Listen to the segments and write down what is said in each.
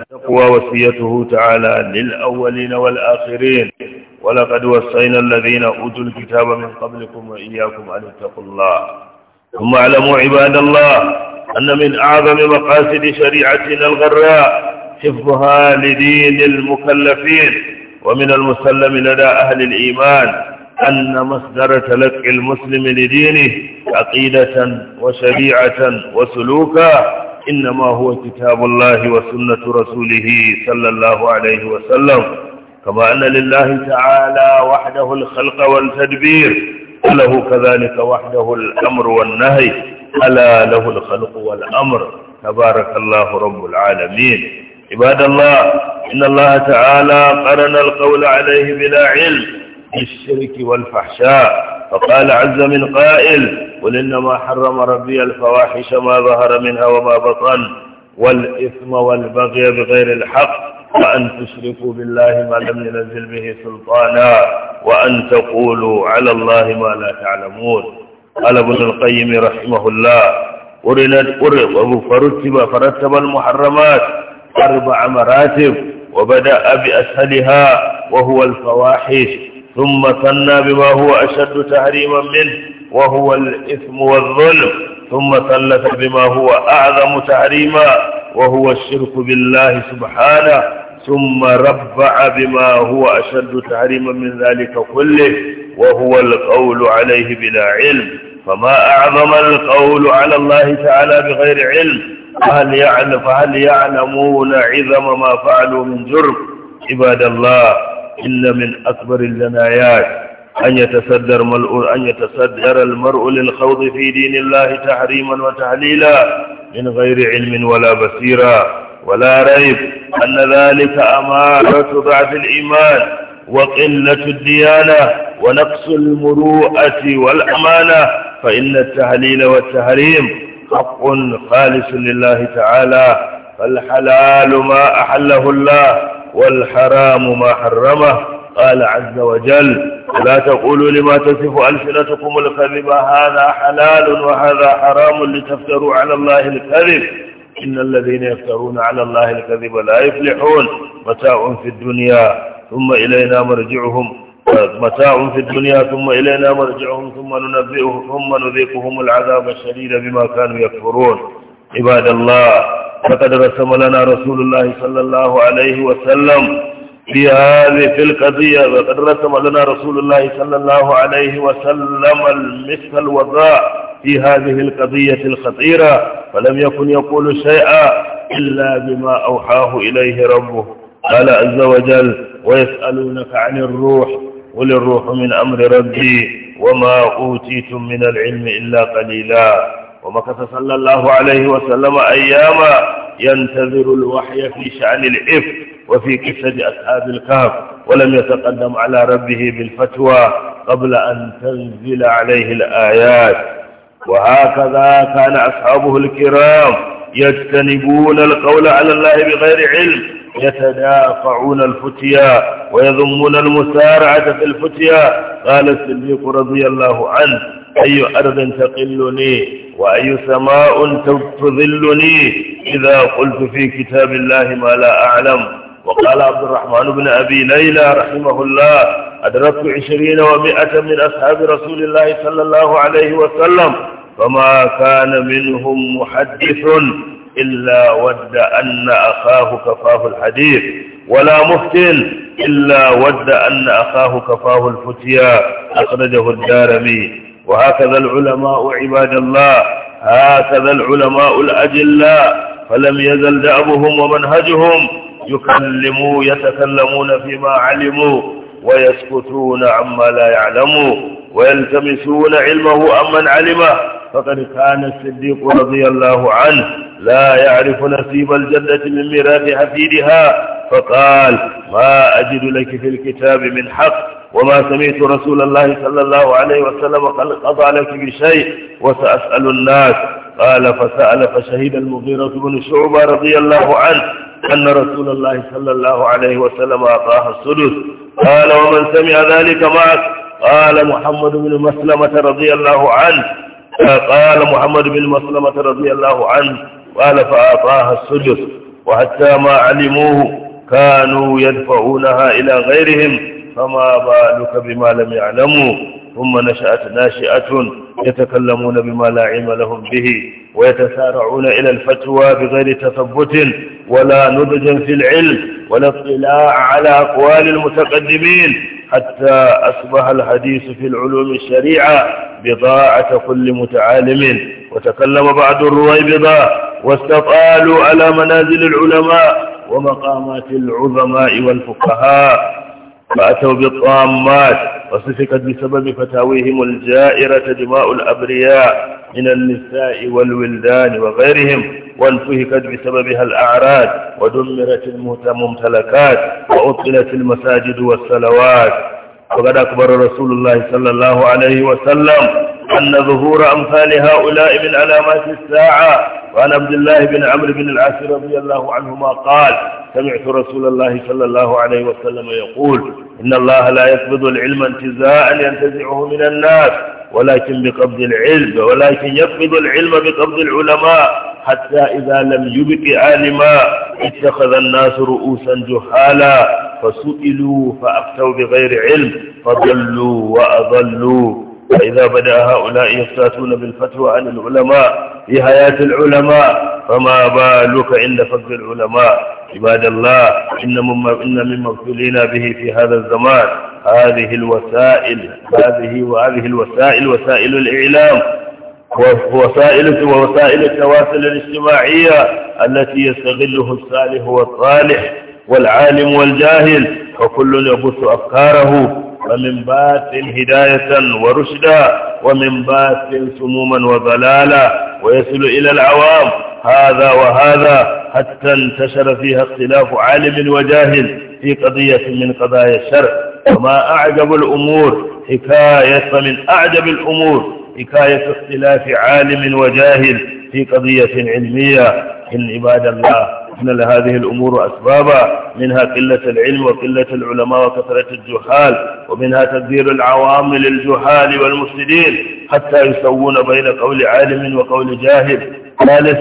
التقوى وصيته تعالى للأولين والآخرين ولقد وصينا الذين أوتوا الكتاب من قبلكم وإياكم أن اتقوا الله ثم اعلموا عباد الله أن من أعظم مقاصد شريعتنا الغراء حفظها لدين المكلفين ومن المسلم لدى أهل الإيمان أن مصدر تلقي المسلم لدينه عقيدة وشريعة وسلوكا إنما هو كتاب الله وسنة رسوله صلى الله عليه وسلم كما أن لله تعالى وحده الخلق والتدبير وله كذلك وحده الأمر والنهي ألا له الخلق والأمر تبارك الله رب العالمين عباد الله إن الله تعالى قرن القول عليه بلا علم بالشرك والفحشاء فقال عز من قائل قل إنما حرم ربي الفواحش ما ظهر منها وما بطن والإثم والبغي بغير الحق وأن تشركوا بالله ما لم ينزل به سلطانا وأن تقولوا على الله ما لا تعلمون قال ابن القيم رحمه الله قرنت فرتب فرتب المحرمات أربع مراتب وبدأ بأسهلها وهو الفواحش ثم ثنى بما هو أشد تحريما منه وهو الإثم والظلم ثم ثلث بما هو أعظم تحريما وهو الشرك بالله سبحانه ثم ربع بما هو أشد تحريما من ذلك كله وهو القول عليه بلا علم فما أعظم القول على الله تعالى بغير علم فهل يعلم فهل يعلمون عظم ما فعلوا من جرم عباد الله إلا من أكبر الجنايات أن يتصدر, أن يتصدر المرء للخوض في دين الله تحريما وتحليلا من غير علم ولا بصيرة ولا ريب أن ذلك أمارة ضعف الإيمان وقلة الديانة ونقص المروءة والأمانة فإن التحليل والتحريم حق خالص لله تعالى فالحلال ما أحله الله والحرام ما حرمه قال عز وجل لا تقولوا لما تصف ألسنتكم الكذب هذا حلال وهذا حرام لتفتروا على الله الكذب إن الذين يفترون على الله الكذب لا يفلحون متاع في الدنيا ثم إلينا مرجعهم متاع في الدنيا ثم إلينا مرجعهم ثم ننبئهم ثم نذيقهم العذاب الشديد بما كانوا يكفرون عباد الله فقد رسم لنا رسول الله صلى الله عليه وسلم في هذه في القضية وقد رسم لنا رسول الله صلى الله عليه وسلم المثل الوضاء في هذه القضية الخطيرة فلم يكن يقول شيئا إلا بما أوحاه إليه ربه قال عز وجل ويسألونك عن الروح قل الروح من أمر ربي وما أوتيتم من العلم إلا قليلا ومكث صلى الله عليه وسلم أياما ينتظر الوحي في شأن الإفك وفي قصة أصحاب الكهف ولم يتقدم على ربه بالفتوى قبل أن تنزل عليه الآيات وهكذا كان أصحابه الكرام يجتنبون القول على الله بغير علم يتدافعون الفتيا ويذمون المسارعة في الفتيا قال الصديق رضي الله عنه أي أرض تقلني وأي سماء تظلني إذا قلت في كتاب الله ما لا أعلم وقال عبد الرحمن بن أبي ليلى رحمه الله أدركت عشرين ومائة من أصحاب رسول الله صلى الله عليه وسلم فما كان منهم محدث إلا ود أن أخاه كفاه الحديث ولا مفتن إلا ود أن أخاه كفاه الفتيا أخرجه الدارمي وهكذا العلماء عباد الله هكذا العلماء الأجلاء فلم يزل دأبهم ومنهجهم يكلموا يتكلمون فيما علموا ويسكتون عما لا يعلموا ويلتمسون علمه عمن علمه فقد كان الصديق رضي الله عنه لا يعرف نصيب الجنة من ميراث حفيدها فقال ما أجد لك في الكتاب من حق وما سمعت رسول الله صلى الله عليه وسلم قضى لك بشيء وسأسأل الناس قال فسأل فشهد المغيرة بن شعبة رضي الله عنه أن رسول الله صلى الله عليه وسلم أعطاه السدس قال ومن سمع ذلك معك قال محمد بن مسلمة رضي الله عنه قال محمد بن مسلمة رضي الله عنه قال فأعطاها السدس وحتى ما علموه كانوا يدفعونها إلى غيرهم فما بالك بما لم يعلموا ثم نشأت ناشئة يتكلمون بما لا علم لهم به ويتسارعون إلى الفتوى بغير تثبت ولا نضج في العلم ولا اطلاع على أقوال المتقدمين حتى أصبح الحديث في العلوم الشريعة بضاعة كل متعالم وتكلم بعض الرويبضة واستطالوا على منازل العلماء ومقامات العظماء والفقهاء فأتوا بالطامات وصفقت بسبب فتاويهم الجائرة دماء الأبرياء من النساء والولدان وغيرهم وانفهكت بسببها الأعراض ودمرت الممتلكات وأطلت المساجد والصلوات وقد أكبر رسول الله صلى الله عليه وسلم أن ظهور أمثال هؤلاء من علامات الساعة وعن عبد الله بن عمرو بن العاص رضي الله عنهما قال سمعت رسول الله صلى الله عليه وسلم يقول إن الله لا يقبض العلم انتزاعا ينتزعه من الناس ولكن بقبض العلم ولكن يفقد العلم بقبض العلماء حتى إذا لم يبق عالما اتخذ الناس رؤوسا جهالا فسئلوا فأفتوا بغير علم فضلوا وأضلوا فإذا بدأ هؤلاء يفتاتون بالفتوى عن العلماء في حياة العلماء فما بالك عند فقد العلماء عباد الله إن مما إن مما ابتلينا به في هذا الزمان هذه الوسائل هذه وهذه الوسائل وسائل الإعلام ووسائل ووسائل التواصل الاجتماعية التي يستغله الصالح والصالح والعالم والجاهل وكل يبث أفكاره ومن باطل هداية ورشدا ومن باطل سموما وضلالا ويصل إلى العوام هذا وهذا حتى انتشر فيها اختلاف عالم وجاهل في قضية من قضايا الشرع وما أعجب الأمور حكاية من أعجب الأمور حكاية اختلاف عالم وجاهل في قضية علمية إن عباد الله إن لهذه الأمور أسبابا منها قلة العلم وقلة العلماء وكثرة الجهال ومنها تدبير العوام للجهال والمفسدين حتى يسوون بين قول عالم وقول جاهل ثالث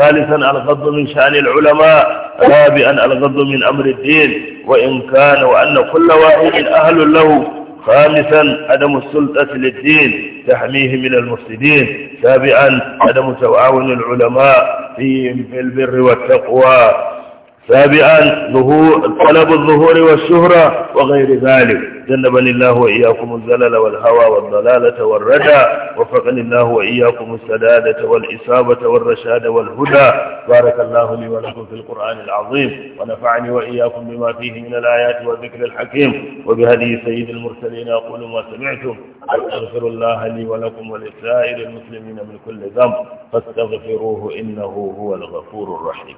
ثالثا الغض من شأن العلماء رابعا الغض من أمر الدين وإن كان وأن كل واحد أهل له خامسا عدم السلطة للدين تحميه من المفسدين سابعا عدم تعاون العلماء في البر والتقوى سابعا ظهور طلب الظهور والشهرة وغير ذلك جنبني الله وإياكم الزلل والهوى والضلالة والردى وفقني الله وإياكم السدادة والإصابة والرشاد والهدى بارك الله لي ولكم في القرآن العظيم ونفعني وإياكم بما فيه من الآيات والذكر الحكيم وبهدي سيد المرسلين أقول ما سمعتم أستغفر الله لي ولكم ولسائر المسلمين من كل ذنب فاستغفروه إنه هو الغفور الرحيم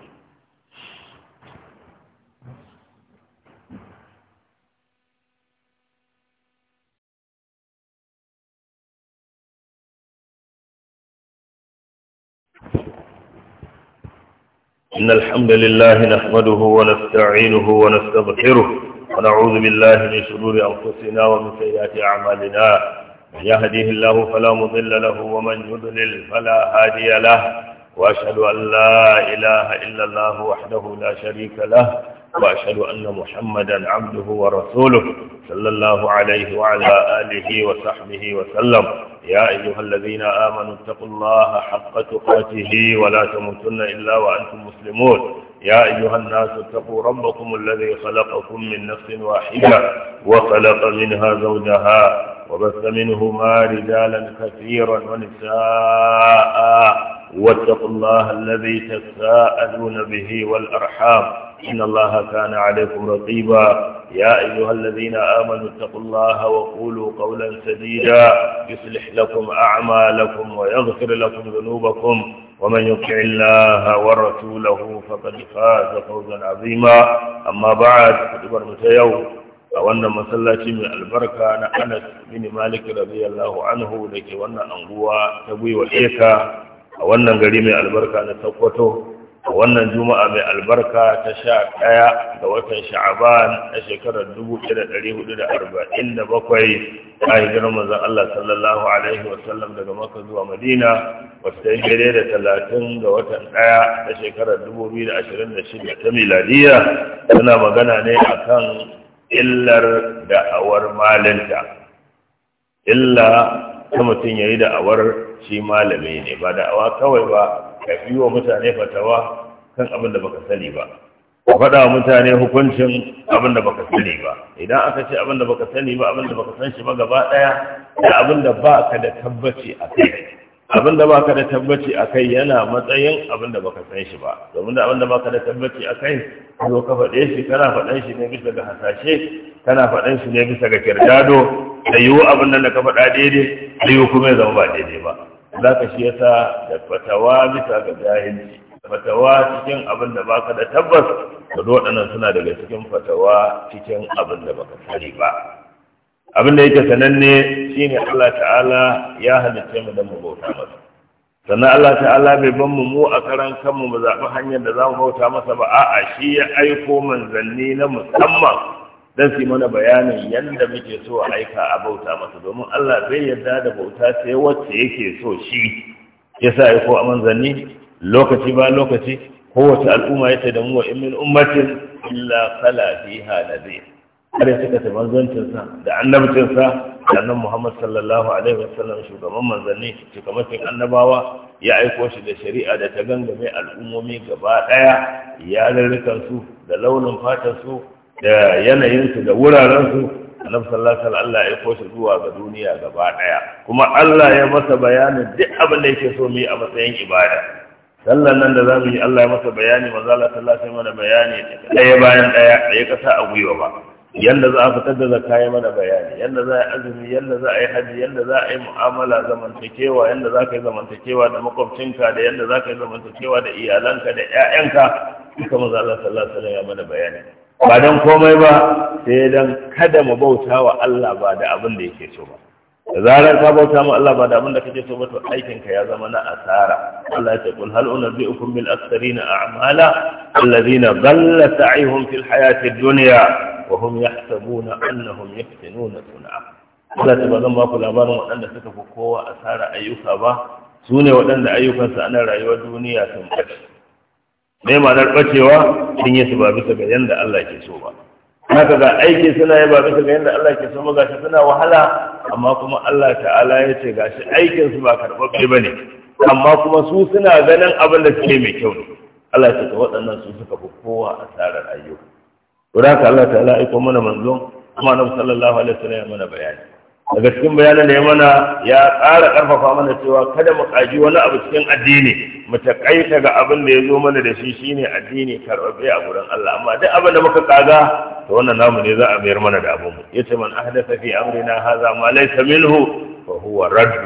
إن الحمد لله نحمده ونستعينه ونستغفره ونعوذ بالله من شرور أنفسنا ومن سيئات أعمالنا من يهديه الله فلا مضل له ومن يضلل فلا هادي له وأشهد أن لا إله إلا الله وحده لا شريك له وأشهد أن محمدا عبده ورسوله صلى الله عليه وعلى آله وصحبه وسلم يا أيها الذين آمنوا اتقوا الله حق تقاته ولا تموتن إلا وأنتم مسلمون يا أيها الناس اتقوا ربكم الذي خلقكم من نفس واحدة وخلق منها زوجها وبث منهما رجالا كثيرا ونساء واتقوا الله الذي تساءلون به والأرحام إن الله كان عليكم رقيبا يا أيها الذين آمنوا اتقوا الله وقولوا قولا سديدا يصلح لكم أعمالكم ويغفر لكم ذنوبكم ومن يطع الله ورسوله فقد فاز فوزا عظيما أما بعد فتبر متيو أولا مسلاتي من البركة أنا أنس بن مالك رضي الله عنه لكي وانا أنقوى تبوي وحيكا أولا قريم البركة أنا تقوته wannan juma'a mai albarka ta sha ɗaya ga watan sha'aban na shekarar dubu da da arba'in 1447 a hijirar zan Allah sallallahu alaihi wasallam daga maka zuwa madina wata yi gare da talatin ga watan ɗaya na shekarar dubu biyu da da ashirin shida ta miladiya suna magana ne a kan illar da'awar malinta illa ta mutum ya yi da'awar shi malami ne ba da'awa kawai ba ka yi wa mutane fatawa kan abin da baka sani ba ka faɗa wa mutane hukuncin abin da baka sani ba idan aka ce abin da baka sani ba abin da baka san shi ba gaba ɗaya da abin da ba ka da tabbaci a kai abin da baka da tabbaci a kai yana matsayin abin da baka san shi ba domin da abin da baka da tabbaci a kai zo ka faɗe shi kana faɗan shi ne bisa ga hasashe kana faɗan shi ne bisa ga kirdado da yiwu abin nan da ka faɗa daidai da yiwu kuma ya zama ba daidai ba za ka shi yasa da fatawa bisa ga jahilci fatawa cikin abin da baka da tabbas da waɗannan suna daga cikin fatawa cikin abin da baka sani ba abin da yake sananne shine Allah ta'ala ya halitta mu da mu bauta masa sannan Allah ta'ala bai ban mu mu a karan kanmu mu zaɓi hanyar da za mu bauta masa ba a'a shi ya aiko manzanni na musamman dan su mana bayanin yadda muke so a aika a bauta masa domin Allah bai yarda da bauta sai wacce yake so shi yasa ya ko a manzanni lokaci ba lokaci kowace al'umma yace da mu wa min ummatin illa khala fiha nabi har ya suka tafi sa da annabcinsa annan Muhammad sallallahu alaihi wasallam shugaban manzanni shugabancin annabawa ya aiko shi da shari'a da ta gangame al'ummomi gaba daya ya rarrukan su da launin fatan su da yanayinsu da wurarensu annabi sallallahu alaihi wasallam Allah ya koshi zuwa ga duniya gaba daya kuma Allah ya masa bayanin duk abin da yake so mu yi a matsayin ibada sallan nan da zamu yi Allah ya masa bayani manzo Allah sallallahu alaihi wasallam bayani daya bayan daya da ya kasa a gwiwa ba yanda za a fitar da zakka ya mana bayani yanda za a azumi yanda za a yi haji yanda za a yi mu'amala zamantakewa yanda za ka yi zamantakewa da makwabcinka da yanda za ka yi zamantakewa da iyalanka da 'ya'yanka, duka manzo Allah sallallahu alaihi wasallam ya mana bayani ba don komai ba sai don kada mu bauta wa Allah ba da abin da yake so ba da zarar ka bauta ma Allah ba da abin da kake so ba to aikinka ya zama na asara Allah ya kul hal unabbiukum bil aktharina a'mala alladhina dhalla sa'ihum fil hayati ad-dunya wa hum yahsabuna annahum yuhsinuna sun'a Allah ta bazan ba ku labarin waɗanda suka fi kowa asara ayyuka ba su ne waɗanda ayyukansu ana rayuwar duniya sun ɓace mai ma'anar bacewa sun yi su ba bisa ga yadda Allah ke so ba haka ga aiki suna yi ba bisa ga yadda Allah ke so ba gashi suna wahala amma kuma Allah ta'ala ya ce gashi aikin su ba karɓaɓɓe ba ne amma kuma su suna ganin abin da suke mai kyau ne Allah ya ce waɗannan su suka fi kowa asarar ayyuka. Don haka Allah ta'ala aiko mana manzon kuma na sallallahu alaihi wasallam mana bayani. daga cikin bayanan da ya mana ya ƙara ƙarfafa mana cewa kada mu kaji wani abu cikin addini mu kaita ga abin da ya zo mana da shi shine addini karɓaɓɓe a gurin Allah amma duk abin da muka kaga to wannan namu ne za a mayar mana da abin mu yace man ahdatha fi amrina hadha ma laysa minhu fa huwa radd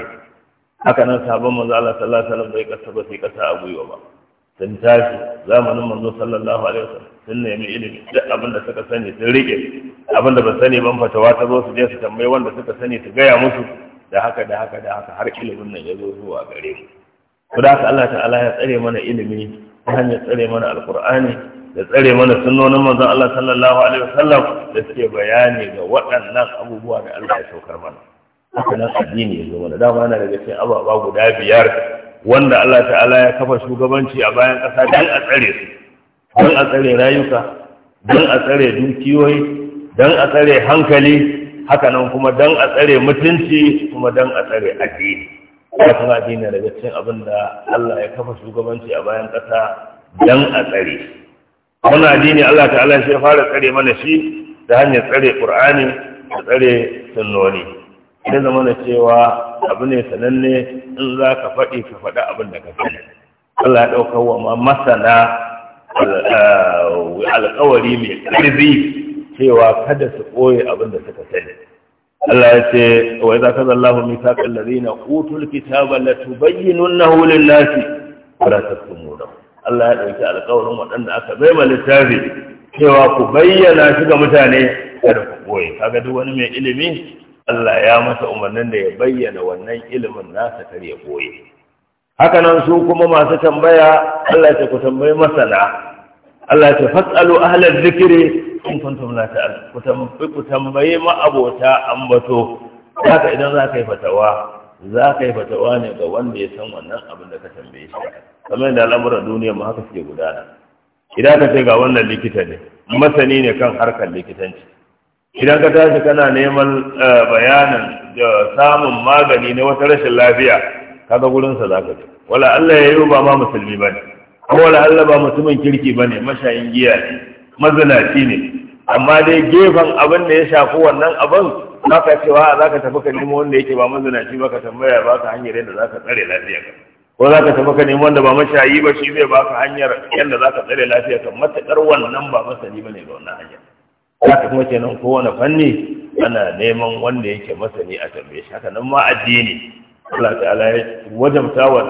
haka nan sabon manzo Allah sallallahu alaihi wasallam bai kasaba sai kasa a gwiwa ba sun tashi zamanin manzo sallallahu alaihi wasallam sun nemi ilimi duk abin da suka sani sun rike abin da ba sani ban fatawa ta zo su je su tambayi wanda suka sani su gaya musu da haka da haka da haka har ilimin nan ya zo zuwa gare mu Ku da haka Allah ta'ala ya tsare mana ilimi ta hanyar tsare mana alqur'ani da tsare mana sunnonin manzo Allah sallallahu alaihi wasallam da suke bayani ga waɗannan abubuwa da Allah ya saukar mana haka nan addini ya zo mana dama na daga cikin ababa guda biyar wanda Allah ta'ala ya kafa shugabanci a bayan ƙasa don a tsare su don a tsare rayuka don a tsare dukiyoyi don a tsare hankali hakanan kuma don a tsare mutunci kuma don a tsare addini kuma addini daga cikin abin da Allah ya kafa shugabanci a bayan ƙasa don a tsare wannan addini Allah ta'ala shi ya fara tsare mana shi da hanyar tsare ƙur'ani da tsare sunnoni ya zama da cewa abu ne sananne in za ka faɗi ka faɗi abin da ka sani Allah ya ɗaukar wa ma masana alƙawari mai ƙarfi cewa kada su ɓoye abin da suka sani Allah ya ce wa idza kaza Allahu mithaqal na utul kitaba la tubayyinunahu lin-nasi ta la taktumunahu Allah ya ɗauki alƙawarin waɗanda aka bai ma littafi cewa ku bayyana shi ga mutane kada ku ɓoye kaga duk wani mai ilimi Allah ya masa umarnin da ya bayyana wannan ilimin nasa kar ya goye haka nan su kuma masu tambaya Allah ya ku tambayi masana Allah ya fasalu ahlal zikri in kuntum la ta'lamun ku tambayi ma abota ambato haka idan za ka yi fatawa za ka yi fatawa ne ga wanda ya san wannan abin da ka tambaye shi kamar da al'amuran duniya ma haka suke gudana idan ka ce ga wannan likita ne masani ne kan harkar likitanci idan ka tashi kana neman eh, bayanin eh, samun magani na wata rashin lafiya kaga gurin za ka ci wala Allah ya yi ba ma musulmi bane. Ko wala Allah ba mutumin kirki bane mashayin giya ne mazinaci ne amma dai gefen abin da ya shafi wannan abin za ka cewa za ka tafi ka nemo wanda yake ba mazinaci ba ka tambaya ba ka hanyar yadda za ka tsare lafiya ka ko za ka tafi ka nemo wanda ba mashayi ba shi zai ba ka hanyar yadda za ka tsare lafiya ka matuƙar wannan ba masani ba ne ga wannan hanyar haka kuma kenan kowane fanni ana neman wanda yake masani a tambaye shi haka nan ma addini Allah ta'ala ya wajabta wa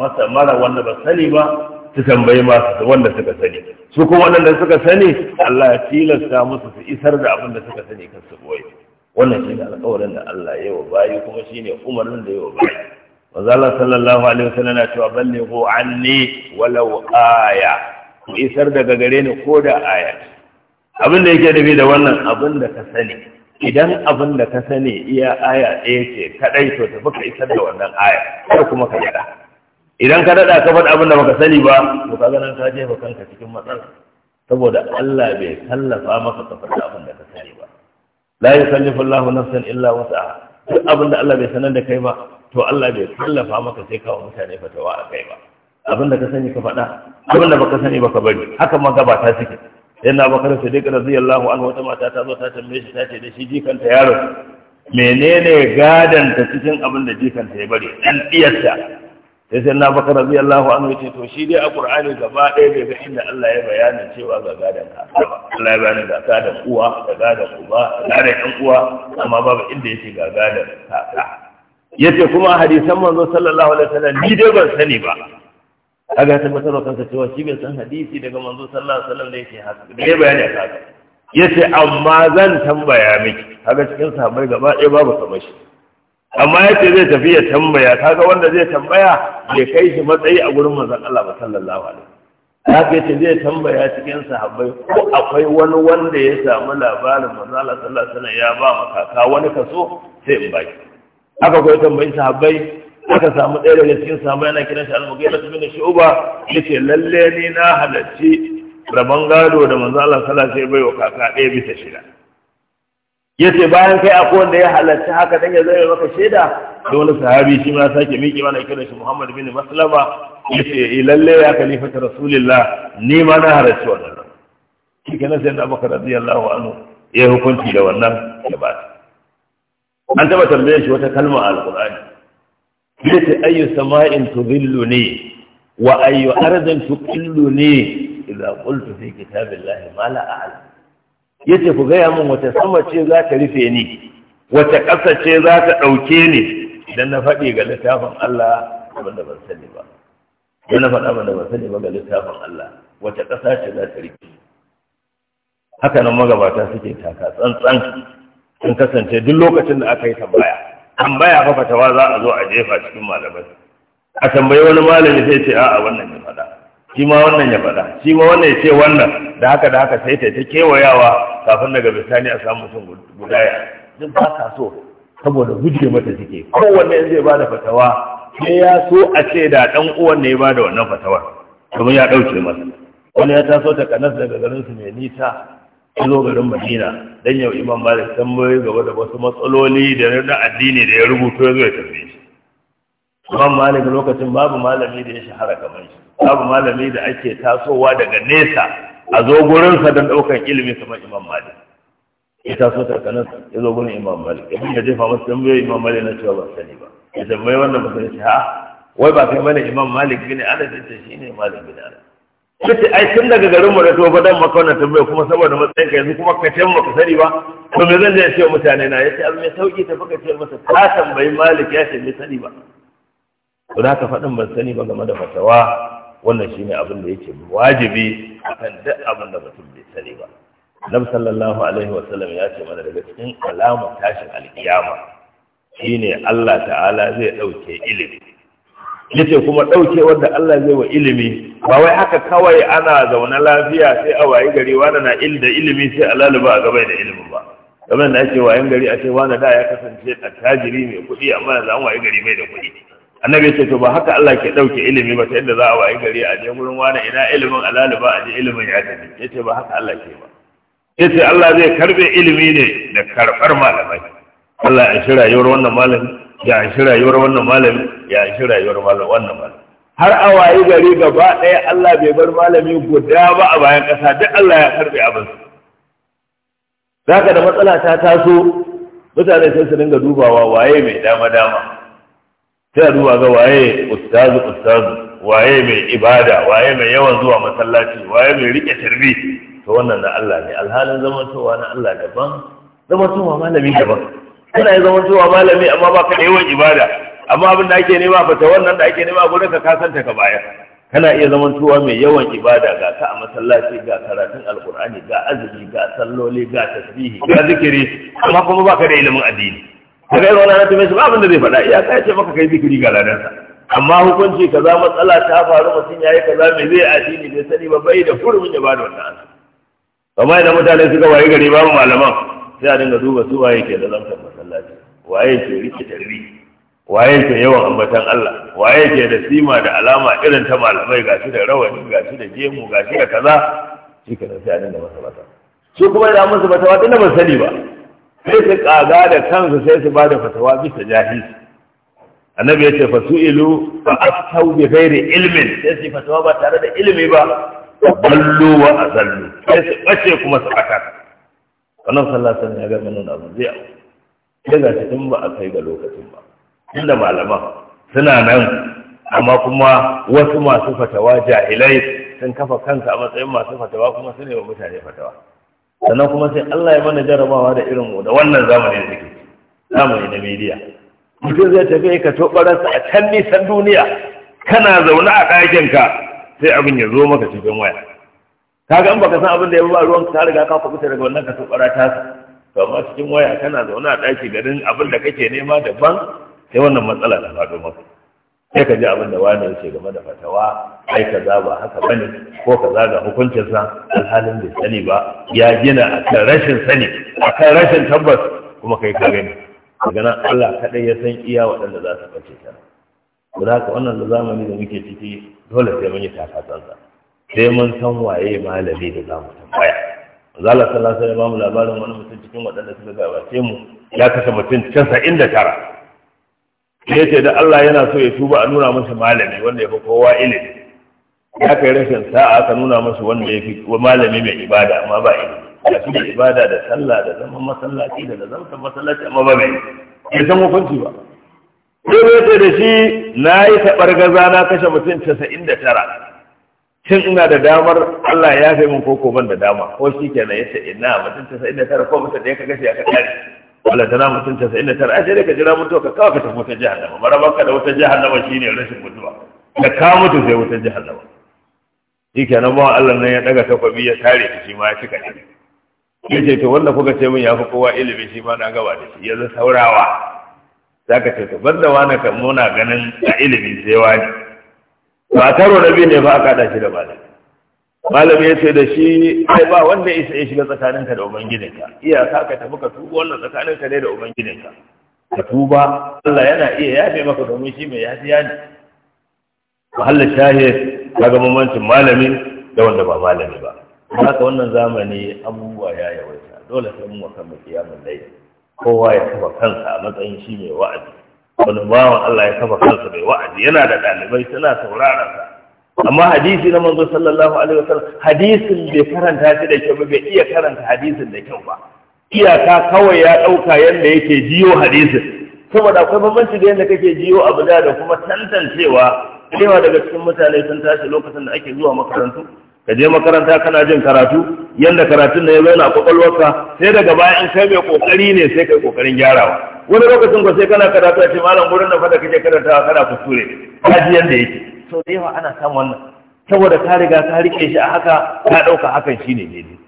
masa mara wanda ba sani ba su tambayi masu wanda suka sani su kuma wanda suka sani Allah ya tilasta musu su isar da abin da suka sani kan su boye wannan shi ne alƙawarin da Allah ya yi wa bayi kuma shi ne umarnin da ya yi wa bayi sallallahu alaihi wasallam na cewa ballighu anni walau aya ku isar daga gare ni ko da aya abin da yake nufi da wannan abin da ka sani idan abin da ka sani iya aya ɗaya ce kaɗai to tafi ka isar da wannan aya kar kuma ka daɗa idan ka daɗa ka faɗi abin da baka sani ba to ka ganin ka jefa kanka cikin matsala saboda Allah bai tallafa maka ka faɗi abin da ka sani ba la yukallifu Allahu nafsan illa wus'aha duk abin da Allah bai sanar da kai ba to Allah bai tallafa maka sai kawo mutane fatawa a kai ba abin da ka sani ka faɗa abin da baka sani ba ka bari haka ta suke yana bakar sadiq radiyallahu anhu wata mata ta zo ta tambaye shi ta ce da shi jikanta yaro menene gadan ta cikin abin da ta ya bari dan diyarta sai sai na bakar radiyallahu anhu ya ce to shi dai a qur'ani gaba ɗaya bai ga inda Allah ya bayanin cewa ga gadan ka Allah ya bayanin ga gadan uwa da gadan uba da gadan ɗan uwa amma babu inda yake ga gadan kaka yace kuma hadisan manzo sallallahu alaihi wasallam ni dai ban sani ba kaga tabbatar kansa cewa shi bai san hadisi daga manzo sallallahu alaihi wasallam da yake haka da ya bayani aka haka yace amma zan tambaya miki kaga cikin sahabbai gaba ɗaya babu kamar shi amma yace zai tafi ya tambaya kaga wanda zai tambaya bai kai shi matsayi a gurin manzon Allah ba sallallahu alaihi haka yace zai tambaya cikin sahabbai ko akwai wani wanda ya samu labarin manzon Allah sallallahu alaihi wasallam ya ba maka ka wani kaso sai in baki haka ko tambayi sahabbai aka samu ɗaya daga cikin samu yana kiran shi da shi uba Ya ce lalle ni na halarci rabon gado da manzo Allah sallallahu alaihi bai wa kaka ɗaya bisa shida ce bayan kai akwai wanda ya halarci haka dan ya zai maka shaida da wani sahabi shi ma sake miƙe mana kiran shi Muhammad bin Maslama ce eh, lalle ya khalifatu rasulillah ni ma na halarci wannan shi kenan sai da Abubakar radiyallahu anhu ya hukunci da wannan ya gaba an taba tambayar shi wata kalma a alqur'ani yace ayyu sama'in tudhilluni wa ayyu ardin tuqilluni idza qultu fi kitabillahi ma la a'lam yace ku gaya mun wata sama ce za ta rufe ni wata ƙasa ce za ta ɗauke ni idan na faɗi ga littafin Allah abin da ban sani ba idan na faɗa abin da ban sani ba ga littafin Allah wata ƙasa ce za ta rufe haka nan magabata suke taka tsantsan sun kasance duk lokacin da aka yi tambaya tambaya fa fatawa za a zo a jefa cikin malamai a tambayi wani malami sai ce a'a wannan ya faɗa shi ma wannan ya faɗa shi ma wannan ya ce wannan da haka da haka sai ta ta kewayawa kafin daga bisani a samu sun gudaya duk ba ka so saboda guje mata suke kowanne wanne zai ba da fatawa sai ya so a ce da ɗan uwan ne ya ba da wannan fatawar domin ya ɗauke masa wani ya taso ta kanas daga garin su mai nisa ya zo garin madina dan yau imam malik tambayoyi gaba da wasu matsaloli da na addini da ya rubuto ya zo ya tafi shi imam malik lokacin babu malami da ya shahara kamar shi babu malami da ake tasowa daga nesa a zo sa don daukan ilimi kamar imam malik ya taso tarkanin ya zo gurin imam malik ya ya jefa masu tambayoyi imam malik na cewa ba sani ba ya tambayi wannan ba sani ha wai ba kai mana imam malik bin anas ita shine malik bin anas ya ce ai tun daga garinmu na to fadan maka wannan tambaya kuma saboda matsayin ka yanzu kuma ka ce mu ka sani ba to me zan je ce mutane na yace abin mai sauki ta fuka ce masa ka tambayi malik ya ce bai sani ba to da ka faɗin ban sani ba game da fatawa wannan shine abin da yake wajibi akan duk abin da mutum bai sani ba Nabi sallallahu alaihi wasallam ya ce mana daga cikin alamar tashin alkiyama shine Allah ta'ala zai ɗauke ilimi yace kuma daukewar da Allah zai wa ilimi ba wai haka kawai ana zaune lafiya sai a wayi gari wani na il da ilimi sai a laluba a gaba da ilimin ba kamar da ake wayan gari a ce wani da ya kasance a tajiri mai kuɗi amma yanzu an wayi gari mai da kuɗi annabi ce to ba haka Allah ke dauke ilimi ba ta yadda za a wayi gari a je gurin wani ina ilimin a laluba a je ilimin ya tafi yace ba haka Allah ke ba yace Allah zai karbe ilimi ne da karbar malamai Allah ya shi rayuwar wannan malami ya shi rayuwar wannan malami ya shi rayuwar wannan malami har a wayi gari gaba ɗaya Allah bai bar malami guda ba a bayan ƙasa duk Allah ya karɓe abin za ka da matsala ta taso mutane sai su dinga dubawa waye mai dama dama sai a duba ga waye ustazu ustazu waye mai ibada waye mai yawan zuwa masallaci waye mai rike tarbi to wannan na Allah ne alhalin zamantowa na Allah daban tuwa malami daban kana ya zama cewa malami amma ba ka da yawan ibada amma abin da ake nema fata wannan da ake nema gurin ka kasanta ka baya kana iya zaman cewa mai yawan ibada ga ka a masallaci ga karatun alkur'ani ga azumi ga salloli ga tasbihi ga zikiri amma kuma ba ka da ilimin addini daga irin wannan tume su abin da zai faɗa iya ka ce maka kai zikiri ga ladansa amma hukunci kaza matsala ta faru mutum yayi kaza mai zai addini bai sani ba bai da hurumin ya wannan amma idan mutane suka waye gari babu malaman sai a dinga duba su waye ke da masallaci waye ke rike tarbi waye ke yawan ambatan Allah waye ke da sima da alama irin ta malamai gashi da rawani gashi da jemu gashi da kaza shi kenan sai a dinga masa bata su kuma idan musu bata tunda ba sani ba sai su kaga da kansu sai su bada fatawa bisa jahilci annabi yace fa su'ilu fa aftau bi ghairi ilmin sai su fatawa ba tare da ilimi ba ballu wa azallu sai su bace kuma su akata wannan sallasan ya gama nuna abu zai Ya sai ga shi tun ba a kai ga lokacin ba inda malaman suna nan amma kuma wasu masu fatawa jahilai sun kafa kansa a matsayin masu fatawa kuma su ne wa mutane fatawa sannan kuma sai Allah ya mana jarabawa da irin mu da wannan zamani da suke zamani na media mutum zai tafi ka to barasa a can nisan duniya kana zaune a ka. sai abin ya zo maka cikin waya kaga an baka san abin da ya ba ruwan ka riga ka kubuta daga wannan ka tsara ta to amma cikin waya kana zaune a daki garin abin da kake nema daban sai wannan matsala ta faɗo maka sai ka ji abin da wani yake game da fatawa ai ka za ba haka bane ko ka kaza ga hukuncinsa alhalin bai sani ba ya gina akan rashin sani akan rashin tabbas kuma kai ka gani daga nan Allah kaɗai ya san iya waɗanda za su ɓace ta. Ku za ka wannan zamani da muke ciki dole sai mun yi takasansa. sai mun san waye malami da za mu tambaya zala sallallahu alaihi wasallam labarin wani mutum cikin waɗanda suka gabace mu ya kashe mutum tara. sai ce da Allah yana so ya tuba a nuna masa malami wanda ya fi kowa ilimi ya kai rashin sa'a aka nuna masa wanda ya fi malami mai ibada amma ba ilimi ya fi ibada da sallah da zaman masallaci da zamtan masallaci amma ba mai ya san hukunci ba sai ce da shi na yi taɓar gaza na kashe mutum 99 shin ina da damar Allah ya fi min koko ban da dama ko shi na yace ina mutum tara, ko mutum da ya kaga shi aka kare wala tana mutum tara. ai sai ka jira mutuwa ka kawo ka tafi wata jahannama marabanka da wata shi shine rashin mutuwa da ka mutu sai wata jahannama shi kenan ba Allah nan ya daga takwabi ya tare shi shi ma ya cika ne yace to wanda kuka ce min ya fi kowa ilimi shi ma na gaba da shi yanzu saurawa zaka ce to banda wani kan muna ganin a ilimi sai wani ba karo na biyu ne ba aka da shi da malami malami ya ce da shi ai ba wanda ya isa ya shiga tsakaninka da ubangijinka iyaka ka tafi ka tuba wannan tsakaninka ne da ubangijinka ka tuba Allah yana iya yafe maka domin shi mai yafiya ne mahallin shahid kaga mamancin malami da wanda ba malami ba haka wannan zamani abubuwa ya yawaita dole sai mun wa mu kiyamun laifi kowa ya kafa kansa a matsayin shi mai wa'azi wani bawan Allah ya kafa kansa mai wa'azi yana da ɗalibai suna sauraron sa amma hadisi na manzo sallallahu alaihi wasallam hadisin bai karanta shi da kyau ba bai iya karanta hadisin da kyau ba iyaka kawai ya ɗauka yadda yake jiyo hadisin saboda akwai bambanci da yadda kake jiyo abu da kuma tantancewa cewa daga cikin mutane sun tashi lokacin da ake zuwa makarantu ka je makaranta kana jin karatu yanda karatun da ya zauna a kwakwalwarka sai daga baya in kai mai kokari ne sai kai kokarin gyarawa wani lokacin ko sai kana karatu a ce malam gurin da fada kake karatawa kana kuskure ka ji yanda yake to da yawa ana samun wannan saboda ka riga ka rike shi a haka ka ɗauka hakan shine daidai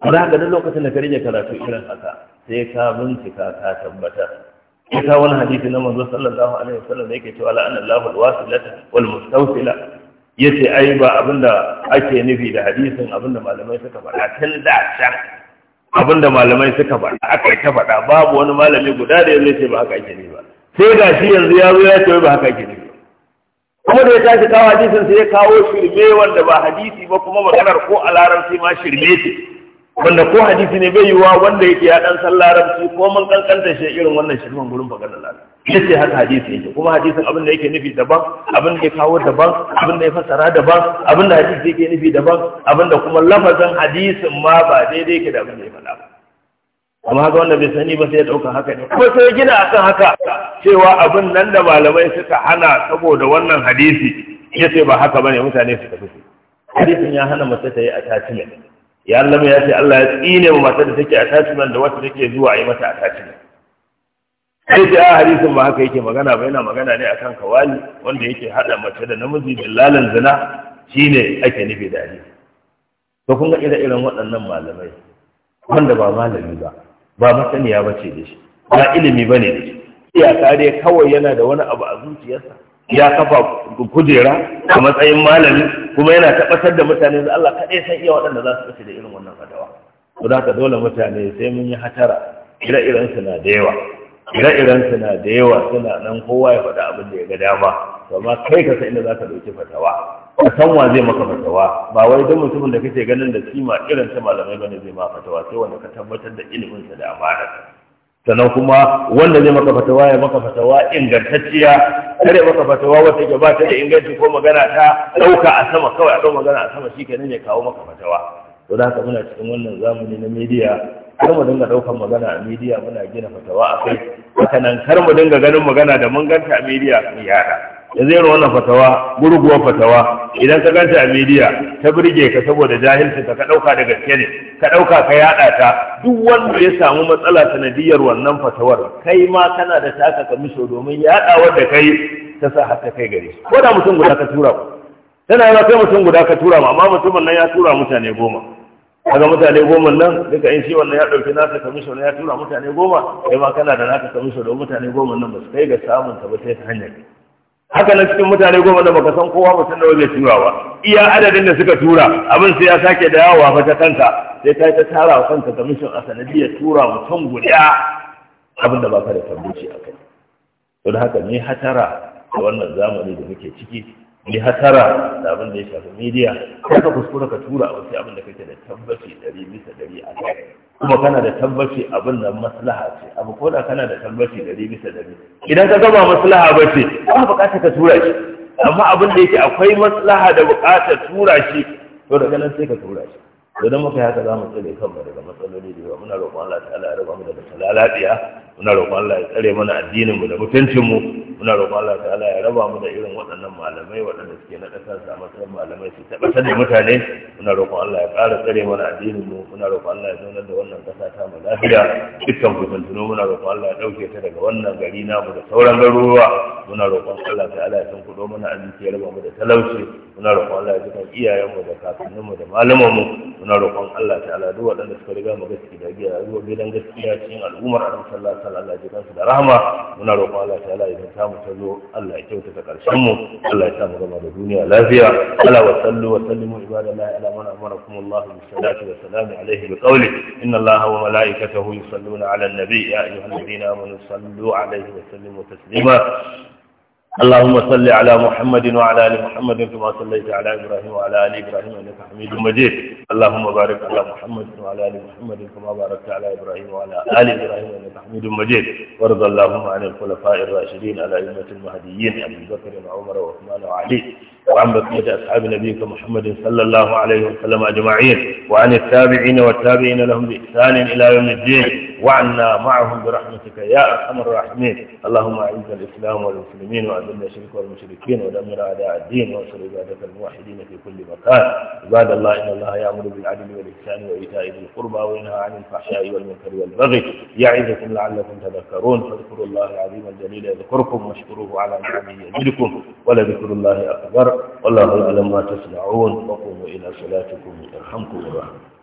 amma haka duk lokacin da ka rike karatu irin haka sai ka bincika ka tabbata. ya wani hadisi na manzo sallallahu alaihi wasallam yake cewa la'anallahu alwasilata wal ya ce ai ba abinda ake nufi da hadisin abinda malamai suka faɗa tun da can abinda malamai suka faɗa aka ta faɗa babu wani malami guda da ya ce ba haka ake nufi ba sai ga shi yanzu ya zo ya ce ba haka ake nufi kuma da ya tashi kawo hadisin sai ya kawo shirme wanda ba hadisi ba kuma maganar ko a larabci ma shirme ce wanda ko hadisi ne bai yiwuwa wanda yake ya dan san larabci ko mun kankanta shi irin wannan shirman gurin bakan Allah yace haka hadisi yake kuma hadisin abin da yake nufi daban abin da ya kawo daban abin da ya fassara daban abin da hadisi yake nufi daban abin da kuma lafazin hadisin ma ba daidai yake da abin da ya faɗa ba amma haka wanda bai sani ba sai ya ɗauka haka ne kuma sai gina akan haka cewa abin nan da malamai suka hana saboda wannan hadisi yace ba haka ne mutane su tafi hadisin ya hana mace ta yi a attachment ya Allah ya ce Allah ya tsine wa matar da take attachment da wata take zuwa yi mata attachment sai ce a ah, hadisin ba haka yake magana ba yana magana ne akan kawali wanda yake haɗa mace da namiji lalan zina shine ake nufi da ni to kun ga ire-iren waɗannan malamai wanda ba malami ba ba masaniya bace da shi ba ilimi bane da shi iyaka dai kawai yana da wani abu a zuciyarsa ya kafa kujera a matsayin malami kuma yana tabbatar da mutane da Allah kaɗai san iya waɗanda za su ɓace da irin wannan fatawa to da ka dole mutane sai mun yi hatara ire-iren su na da yawa ire-iren su na da yawa suna nan kowa ya faɗa abin da ya ga dama to amma kai ka san inda za ka ɗauki fatawa ka san wa zai maka fatawa ba wai duk mutumin da kake ganin da kima irin ta malamai bane zai ma fatawa sai wanda ka tabbatar da ilimin sa da amana sannan kuma wanda zai maka fatawa ya maka fatawa ingantacciya ya maka fatawa wata ke ba ta da inganci ko magana ta ɗauka a sama kawai a ɗau magana a sama shi ne ya kawo maka fatawa to da haka muna cikin wannan zamani na media kar mu dinga ɗaukar magana a media muna gina fatawa a kai haka nan kar mu dinga ganin magana da mun ganta a media mu yara. ya zai wannan fatawa gurguwar fatawa idan ka ganta a media ta burge ka saboda jahilci ka dauka da gaske ne ka dauka ka yada ta duk wanda ya samu matsala sanadiyar wannan fatawar kai ma kana da taka kamisho domin yaɗa wanda kai ta sa haka kai gare shi ko da mutum guda ka tura ku tana yana kai mutum guda ka tura amma mutumin nan ya tura mutane goma kaga mutane goma nan duka in shi wannan ya dauki nasa kamisho ya tura mutane goma kai ma kana da naka kamisho da mutane goma nan ba su kai ga samun ta ba sai ta hanyar haka na cikin mutane goma da baka san kowa mutum da zai tura ba iya adadin da suka tura abin sai ya sake da yawa ba ta kanka sai yi ta tara wa kanka mishin a sanadiyar tura mutum guda abin da baka da tambaci a kai don haka ne hatara da wannan zamani da muke ciki mai hatara da abin da ya shafi media sai ka kuskura ka tura a wasu abin da kake da tabbaci ɗari bisa ɗari a kai kuma kana da tabbaci abin da maslaha ce abu ko da kana da tabbaci ɗari bisa ɗari idan ka gama maslaha ba ce ba bukatar ka tura shi amma abin da yake akwai maslaha da bukatar tura shi to daga nan sai ka tura shi idan muka haka za mu tsare kanmu daga matsaloli da yawa muna roƙon Allah ta'ala ya raba mu daga talalaɗiya muna roƙon Allah ya tsare mana addinin mu da mutuncin mu muna roƙon Allah ta'ala ya raba mu da irin waɗannan malamai waɗanda suke na ƙasa su a matsayin malamai su tabbatar da mutane muna roƙon Allah ya ƙara tsare mana addinin mu muna roƙon Allah ya zaunar da wannan ƙasa ta mu lafiya dukkan kusantuno muna roƙon Allah ya ɗauke ta daga wannan gari namu da sauran garuruwa muna roƙon Allah ta'ala ya san kuɗo mana arziki ya raba mu da talauci muna roƙon Allah ya jikan iyayenmu da kakanninmu da malamanmu muna roƙon Allah ta'ala duk waɗanda suka riga mu zuwa gidan gaskiya cikin al'ummar Allah sallallahu alaihi wasallam da rahama muna roƙon Allah ta'ala ya ta mu ta zo Allah ya kyautata karshen mu Allah ya sa mu gama da duniya lafiya ala wa sallu wa sallimu ibadallahi ala man amarakum Allah bi salati wa salam alayhi bi qawli inna Allah wa malaikatahu yusalluna ala an-nabi ya ayyuhalladhina amanu sallu alayhi wa sallimu taslima اللهم صل على محمد وعلى ال محمد كما صليت على ابراهيم وعلى ال ابراهيم انك حميد مجيد اللهم بارك على محمد وعلى ال محمد كما باركت على ابراهيم وعلى ال ابراهيم انك حميد مجيد وارض اللهم عن الخلفاء الراشدين على ائمه المهديين ابي بكر وعمر وعثمان وعلي وعن بقيه اصحاب نبيك محمد صلى الله عليه وسلم اجمعين وعن التابعين والتابعين لهم باحسان الى يوم الدين وعنا معهم برحمتك يا أرحم الراحمين اللهم أعز الإسلام والمسلمين وأذل الشرك والمشركين ودمر أعداء الدين وانصر عبادك الموحدين في كل مكان عباد الله إن الله يأمر بالعدل والإحسان وإيتاء ذي القربى وينهى عن الفحشاء والمنكر والبغي يعظكم لعلكم تذكرون فاذكروا الله العظيم الجليل يذكركم واشكروه على نعمه يزدكم ولذكر الله أكبر والله يعلم ما تصنعون وقوموا إلى صلاتكم يرحمكم الرحمن